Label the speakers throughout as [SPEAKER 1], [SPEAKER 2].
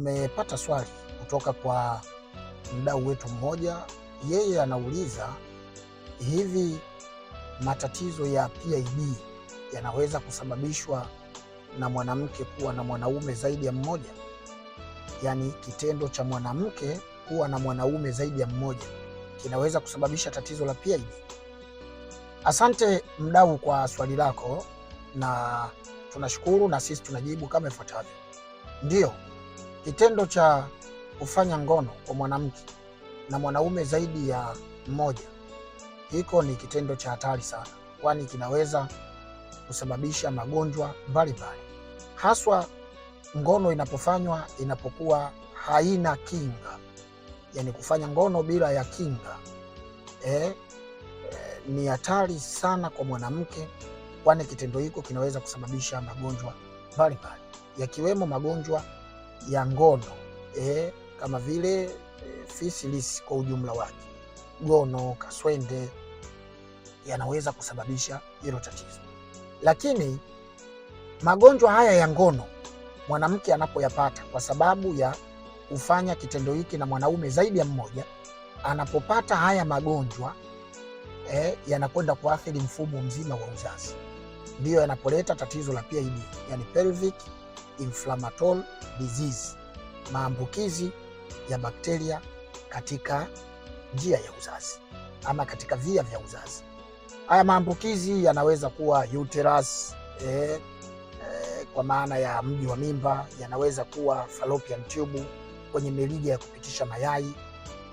[SPEAKER 1] Tumepata swali kutoka kwa mdau wetu mmoja, yeye anauliza hivi, matatizo ya PID yanaweza kusababishwa na mwanamke kuwa na mwanaume zaidi ya mmoja, yaani kitendo cha mwanamke kuwa na mwanaume zaidi ya mmoja kinaweza kusababisha tatizo la PID? Asante mdau kwa swali lako, na tunashukuru na sisi tunajibu kama ifuatavyo: ndiyo Kitendo cha kufanya ngono kwa mwanamke na mwanaume zaidi ya mmoja, hiko ni kitendo cha hatari sana, kwani kinaweza kusababisha magonjwa mbalimbali, haswa ngono inapofanywa inapokuwa haina kinga, yaani kufanya ngono bila ya kinga e, ni hatari sana kwa mwanamke, kwani kitendo hiko kinaweza kusababisha magonjwa mbalimbali yakiwemo magonjwa ya ngono eh, kama vile eh, fisilis kwa ujumla wake, gono, kaswende yanaweza kusababisha hilo tatizo. Lakini magonjwa haya ya ngono mwanamke anapoyapata kwa sababu ya kufanya kitendo hiki na mwanaume zaidi ya mmoja, anapopata haya magonjwa eh, yanakwenda kuathiri mfumo mzima wa uzazi, ndiyo yanapoleta tatizo la PID, yani pelvic inflammatory disease, maambukizi ya bakteria katika njia ya uzazi ama katika via vya uzazi. Haya maambukizi yanaweza kuwa uterus, eh, eh, kwa maana ya mji wa mimba, yanaweza kuwa fallopian tube kwenye mirija ya kupitisha mayai,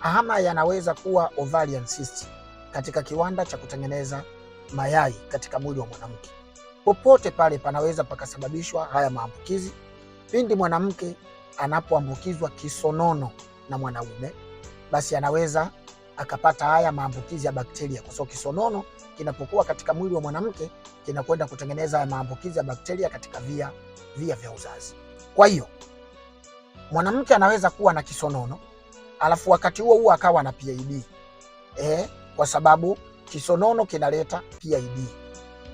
[SPEAKER 1] ama yanaweza kuwa ovarian cyst katika kiwanda cha kutengeneza mayai katika mwili wa mwanamke popote pale panaweza pakasababishwa haya maambukizi pindi mwanamke anapoambukizwa kisonono na mwanaume, basi anaweza akapata haya maambukizi ya bakteria, kwa sababu kisonono kinapokuwa katika mwili wa mwanamke kinakwenda kutengeneza haya maambukizi ya bakteria katika via via vya uzazi. Kwa hiyo mwanamke anaweza kuwa na kisonono alafu wakati huo huo akawa na PID eh, kwa sababu kisonono kinaleta PID.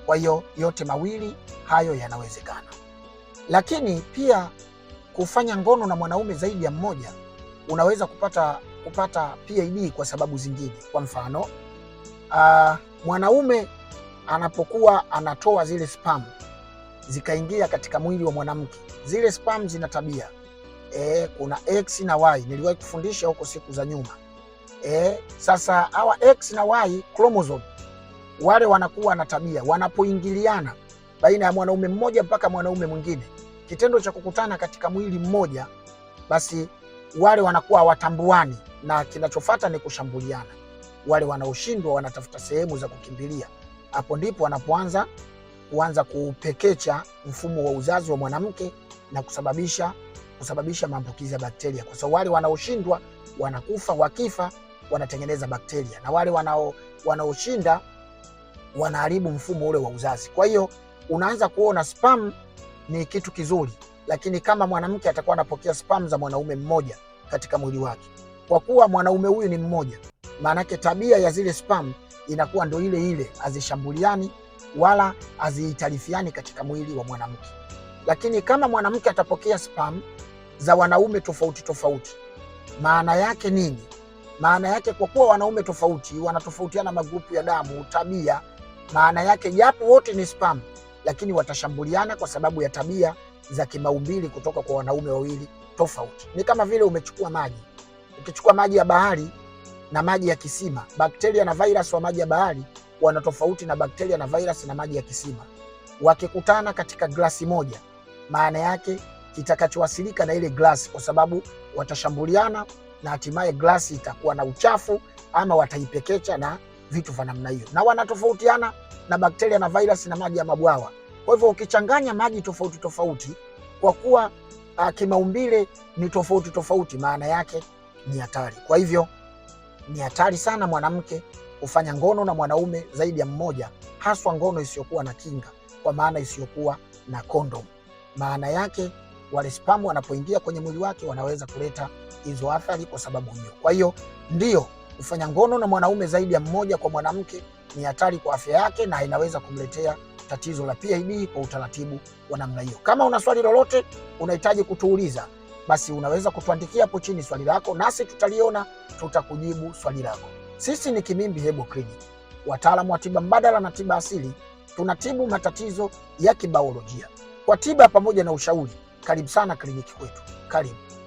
[SPEAKER 1] Kwa hiyo yote mawili hayo yanawezekana, lakini pia kufanya ngono na mwanaume zaidi ya mmoja unaweza kupata kupata PID kwa sababu zingine. Kwa mfano uh, mwanaume anapokuwa anatoa zile spam zikaingia katika mwili wa mwanamke, zile spam zina tabia e, kuna X na Y niliwahi kufundisha huko siku za nyuma e, sasa hawa X na Y chromosome wale wanakuwa na tabia, wanapoingiliana baina ya mwanaume mmoja mpaka mwanaume mwingine, kitendo cha kukutana katika mwili mmoja, basi wale wanakuwa watambuani na kinachofata ni kushambuliana. Wale wanaoshindwa wanatafuta sehemu za kukimbilia, hapo ndipo wanapoanza kuanza kuupekecha mfumo wa uzazi wa mwanamke na kusababisha kusababisha maambukizi ya bakteria, kwa sababu wale wanaoshindwa wanakufa, wakifa wanatengeneza bakteria, na wale wanao wanaoshinda wanaharibu mfumo ule wa uzazi. Kwa hiyo unaanza kuona spam ni kitu kizuri, lakini kama mwanamke atakuwa anapokea spam za mwanaume mmoja katika mwili wake, kwa kuwa mwanaume huyu ni mmoja, maanake tabia ya zile spam inakuwa ndo ile ile, hazishambuliani wala hazihitarifiani katika mwili wa mwanamke. Lakini kama mwanamke atapokea spam za wanaume tofauti tofauti, maana yake nini? Maana yake kwa kuwa wanaume tofauti wanatofautiana, magrupu ya damu, tabia maana yake japo wote ni spam, lakini watashambuliana kwa sababu ya tabia za kimaumbili kutoka kwa wanaume wawili tofauti. Ni kama vile umechukua maji, ukichukua maji ya bahari na maji ya kisima, bakteria na virus wa maji ya bahari wana tofauti na bakteria na virus na maji ya kisima. Wakikutana katika glasi moja, maana yake kitakachowasilika na ile glasi, kwa sababu watashambuliana na hatimaye glasi itakuwa na uchafu ama wataipekecha na vitu vya namna hiyo, na wanatofautiana na bakteria na virus na maji ya mabwawa. Kwa hivyo ukichanganya maji tofauti tofauti, kwa kuwa uh, kimaumbile ni tofauti tofauti, maana yake ni hatari. Kwa hivyo ni hatari sana mwanamke kufanya ngono na mwanaume zaidi ya mmoja, haswa ngono isiyokuwa na kinga, kwa maana isiyokuwa na kondom. Maana yake wale spamu wanapoingia kwenye mwili wake wanaweza kuleta hizo athari kwa sababu hiyo. Kwa hiyo ndio Kufanya ngono na mwanaume zaidi ya mmoja kwa mwanamke ni hatari kwa afya yake na inaweza kumletea tatizo la PID kwa utaratibu wa namna hiyo. Kama una swali lolote unahitaji kutuuliza, basi unaweza kutuandikia hapo chini swali lako, nasi tutaliona, tutakujibu swali lako. Sisi ni Kimimbi Herbal Clinic, wataalamu wa tiba mbadala na tiba asili. Tunatibu matatizo ya kibaolojia kwa tiba pamoja na ushauri. Karibu sana kliniki kwetu, karibu.